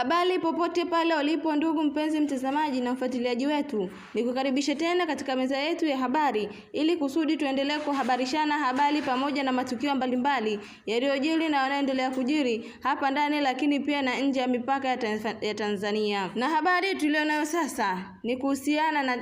Habari popote pale ulipo ndugu mpenzi mtazamaji na mfuatiliaji wetu, nikukaribisha tena katika meza yetu ya habari ili kusudi tuendelee kuhabarishana habari pamoja na matukio mbalimbali yaliyojiri na yanayoendelea kujiri hapa ndani, lakini pia na nje ya mipaka ya Tanzania. Na habari tulionayo sasa ni kuhusiana na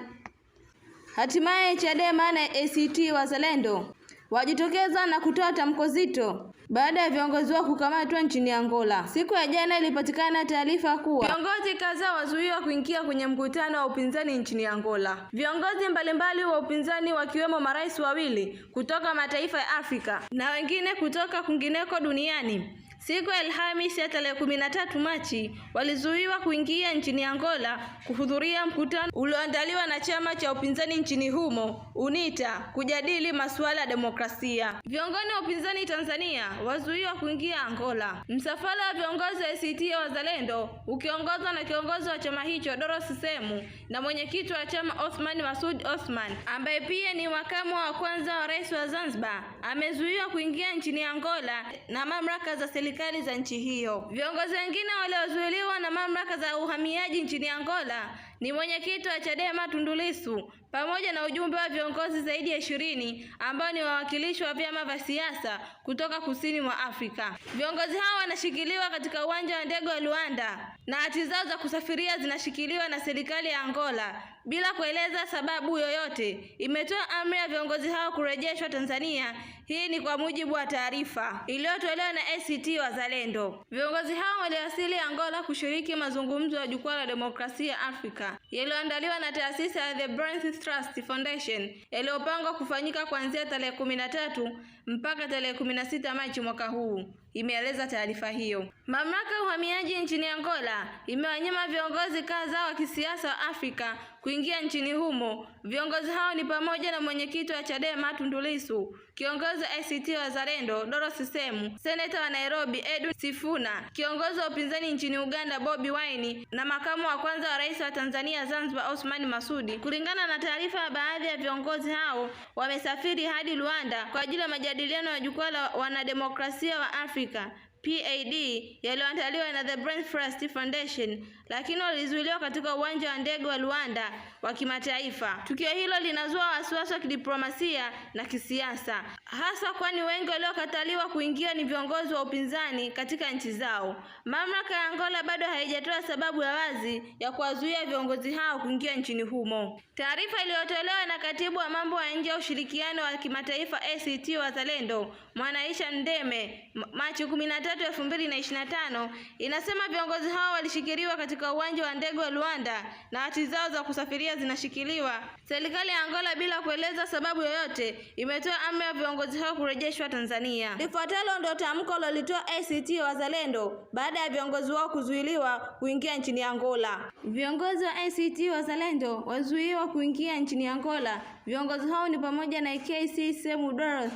hatimaye Chadema na ACT Wazalendo wajitokeza na kutoa tamko zito baada ya viongozi wao kukamatwa nchini Angola. Siku ya jana ilipatikana taarifa kuwa viongozi kadhaa wazuiwa kuingia kwenye mkutano wa upinzani nchini Angola. Viongozi mbalimbali wa upinzani wakiwemo marais wawili kutoka mataifa ya Afrika na wengine kutoka kwingineko duniani Siku ya Alhamisi ya tarehe 13 Machi walizuiwa kuingia nchini Angola kuhudhuria mkutano ulioandaliwa na chama cha upinzani nchini humo UNITA kujadili masuala ya demokrasia. Viongozi wa upinzani Tanzania wazuiwa kuingia Angola. Msafara wa viongozi wa ACT Wazalendo ukiongozwa na kiongozi wa chama hicho Doros Semu na mwenyekiti wa chama Othman Masud Othman ambaye pia ni makamu wa kwanza wa rais wa Zanzibar amezuiwa kuingia nchini Angola na mamlaka za serikali za nchi hiyo. Viongozi wengine waliozuiliwa na mamlaka za uhamiaji nchini Angola ni mwenyekiti wa Chadema Tundu Lissu pamoja na ujumbe wa viongozi zaidi ya ishirini ambao ni wawakilishi wa vyama vya siasa kutoka kusini mwa Afrika. Viongozi hao wanashikiliwa katika uwanja wa ndege wa Luanda na hati zao za kusafiria zinashikiliwa na serikali ya Angola bila kueleza sababu yoyote. Imetoa amri ya viongozi hao kurejeshwa Tanzania. Hii ni kwa mujibu wa taarifa iliyotolewa na ACT Wazalendo. Viongozi hao waliwasili Angola kushiriki mazungumzo ya jukwaa la demokrasia Afrika yaliyoandaliwa na taasisi ya The Brains Trust Foundation yaliyopangwa kufanyika kuanzia tarehe kumi na tatu mpaka tarehe 16 Machi mwaka huu, imeeleza taarifa hiyo. Mamlaka ya uhamiaji nchini Angola imewanyima viongozi kadhaa wa kisiasa wa Afrika kuingia nchini humo. Viongozi hao ni pamoja na mwenyekiti wa Chadema Tundu Lissu, kiongozi wa ACT Wazalendo Doro Sisemu, seneta wa Nairobi Edwin Sifuna, kiongozi wa upinzani nchini Uganda Bobi Wine na makamu wa kwanza wa rais wa Tanzania Zanzibar Osman Masudi. Kulingana na taarifa, baadhi ya viongozi hao wamesafiri hadi Luanda kwa ajili ya majadiliano majadiliano ya Jukwaa la Wanademokrasia wa Afrika PAD yaliyoandaliwa na The Brain Trust Foundation lakini walizuiliwa katika uwanja wa ndege wa Luanda wa kimataifa. Tukio hilo linazua wasiwasi wa kidiplomasia na kisiasa, hasa kwani wengi waliokataliwa kuingia ni viongozi wa upinzani katika nchi zao. Mamlaka ya Angola bado haijatoa sababu ya wazi ya kuwazuia viongozi hao kuingia nchini humo. Taarifa iliyotolewa na katibu wa mambo ya nje ya ushirikiano wa kimataifa ACT Wazalendo Mwanaisha ndeme Machi tatu elfu mbili na ishirini na tano inasema viongozi hao walishikiliwa katika uwanja wa ndege wa Luanda na hati zao za kusafiria zinashikiliwa. Serikali ya Angola bila kueleza sababu yoyote imetoa amri ya viongozi hao kurejeshwa Tanzania. Lifuatalo ndio tamko lolitoa ACT Wazalendo baada ya viongozi wao kuzuiliwa kuingia nchini Angola. Viongozi wa ACT Wazalendo wazuiliwa kuingia nchini Angola. Viongozi hao ni pamoja na KC Semudoro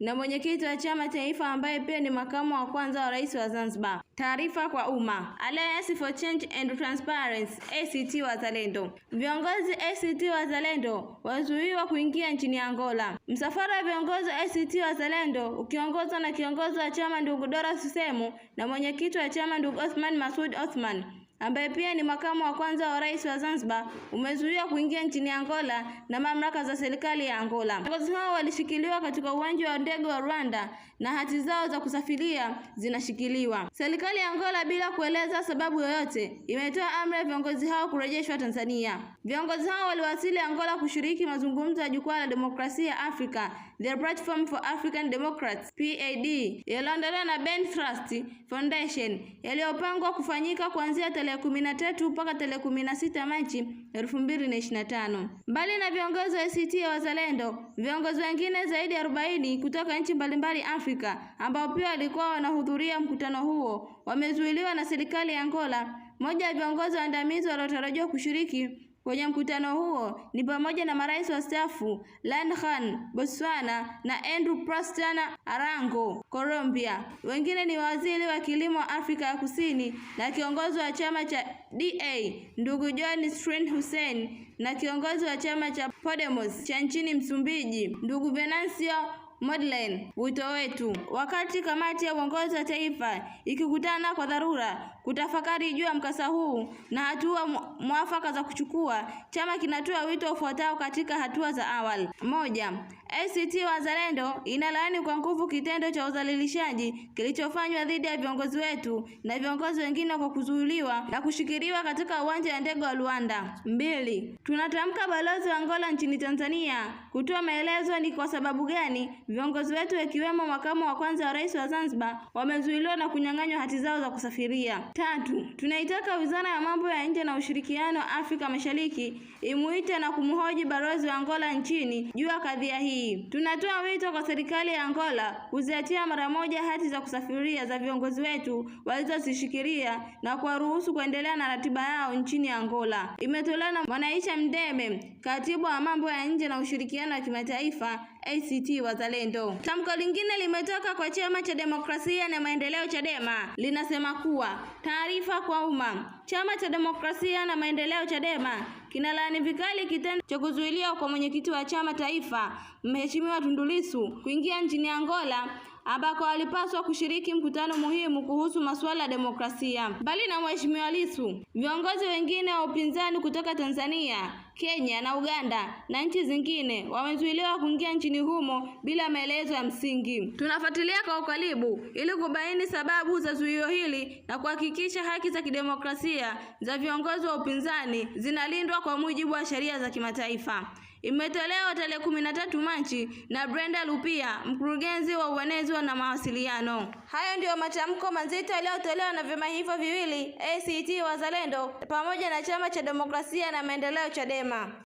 na mwenyekiti wa chama taifa ambaye pia ni makamu wa kwanza wa rais wa Zanzibar. Taarifa kwa umma. Alliance for Change and Transparency ACT Wazalendo. Viongozi ACT Wazalendo wazuiwa kuingia nchini Angola. Msafara wa viongozi wa ACT Wazalendo ukiongozwa na kiongozi wa chama ndugu Dora susemu na mwenyekiti wa chama ndugu Othman Masud Othman ambaye pia ni makamu wa kwanza wa rais wa Zanzibar umezuiwa kuingia nchini Angola na mamlaka za serikali ya Angola. Viongozi hao walishikiliwa katika uwanja wa ndege wa Rwanda na hati zao za kusafiria zinashikiliwa. Serikali ya Angola bila kueleza sababu yoyote imetoa amri ya viongozi hao kurejeshwa Tanzania. Viongozi hao waliwasili Angola kushiriki mazungumzo ya jukwaa la demokrasia ya Afrika, The Platform for African Democrats PAD, yaliyoandaliwa na Ben Trust Foundation yaliyopangwa kufanyika kuanzia tarehe 13 mpaka tarehe 16 Machi 2025. Mbali na viongozi wa ACT ya Wazalendo, viongozi wengine zaidi ya 40 kutoka nchi mbalimbali Afrika ambao pia walikuwa wanahudhuria mkutano huo wamezuiliwa na serikali ya Angola. Mmoja ya viongozi waandamizi waliotarajiwa kushiriki Kwenye mkutano huo ni pamoja na marais wastaafu Landhan Botswana na Andrew prastana Arango Colombia. Wengine ni waziri wa kilimo wa Afrika ya Kusini na kiongozi wa chama cha DA ndugu John Strin Hussein na kiongozi wa chama cha Podemos cha nchini Msumbiji ndugu Venancio Madeleine, wito wetu. Wakati kamati ya uongozi wa taifa ikikutana kwa dharura kutafakari juu ya mkasa huu na hatua mwafaka za kuchukua, chama kinatoa wito ufuatao katika hatua za awali. Moja, ACT Wazalendo inalaani kwa nguvu kitendo cha udhalilishaji kilichofanywa dhidi ya viongozi wetu na viongozi wengine kwa kuzuiliwa na kushikiliwa katika uwanja wa ndege wa Luanda. Mbili, tunatamka balozi wa Angola nchini Tanzania kutoa maelezo ni kwa sababu gani Viongozi wetu wakiwemo makamu wa kwanza wa rais wa Zanzibar wamezuiliwa na kunyang'anywa hati zao za kusafiria. Tatu, tunaitaka Wizara ya Mambo ya Nje na Ushirikiano wa Afrika Mashariki imuite na kumhoji balozi wa Angola nchini juu ya kadhia hii. Tunatoa wito kwa serikali ya Angola kuziatia mara moja hati za kusafiria za viongozi wetu walizozishikilia na kuwaruhusu kuendelea na ratiba yao nchini Angola. Imetolewa na Mwanaisha Mdeme, katibu wa mambo ya nje na ushirikiano wa kimataifa ACT Wazalendo. Tamko lingine limetoka kwa chama cha demokrasia na maendeleo CHADEMA, linasema kuwa taarifa kwa umma. Chama cha demokrasia na maendeleo CHADEMA kinalaani vikali kitendo cha kuzuiliwa kwa mwenyekiti wa chama taifa Mheshimiwa Tundu Lissu kuingia nchini Angola ambako walipaswa kushiriki mkutano muhimu kuhusu masuala ya demokrasia. Mbali na Mheshimiwa Lissu, viongozi wengine wa upinzani kutoka Tanzania, Kenya na Uganda na nchi zingine wamezuiliwa kuingia nchini humo bila maelezo ya msingi. Tunafuatilia kwa ukaribu ili kubaini sababu za zuio hili na kuhakikisha haki za kidemokrasia za viongozi wa upinzani zinalindwa kwa mujibu wa sheria za kimataifa imetolewa tarehe kumi na tatu Machi na Brenda Lupia, mkurugenzi wa uenezi na mawasiliano. Hayo ndiyo matamko mazito yaliyotolewa na vyama hivyo viwili, ACT Wazalendo pamoja na Chama cha Demokrasia na Maendeleo, Chadema.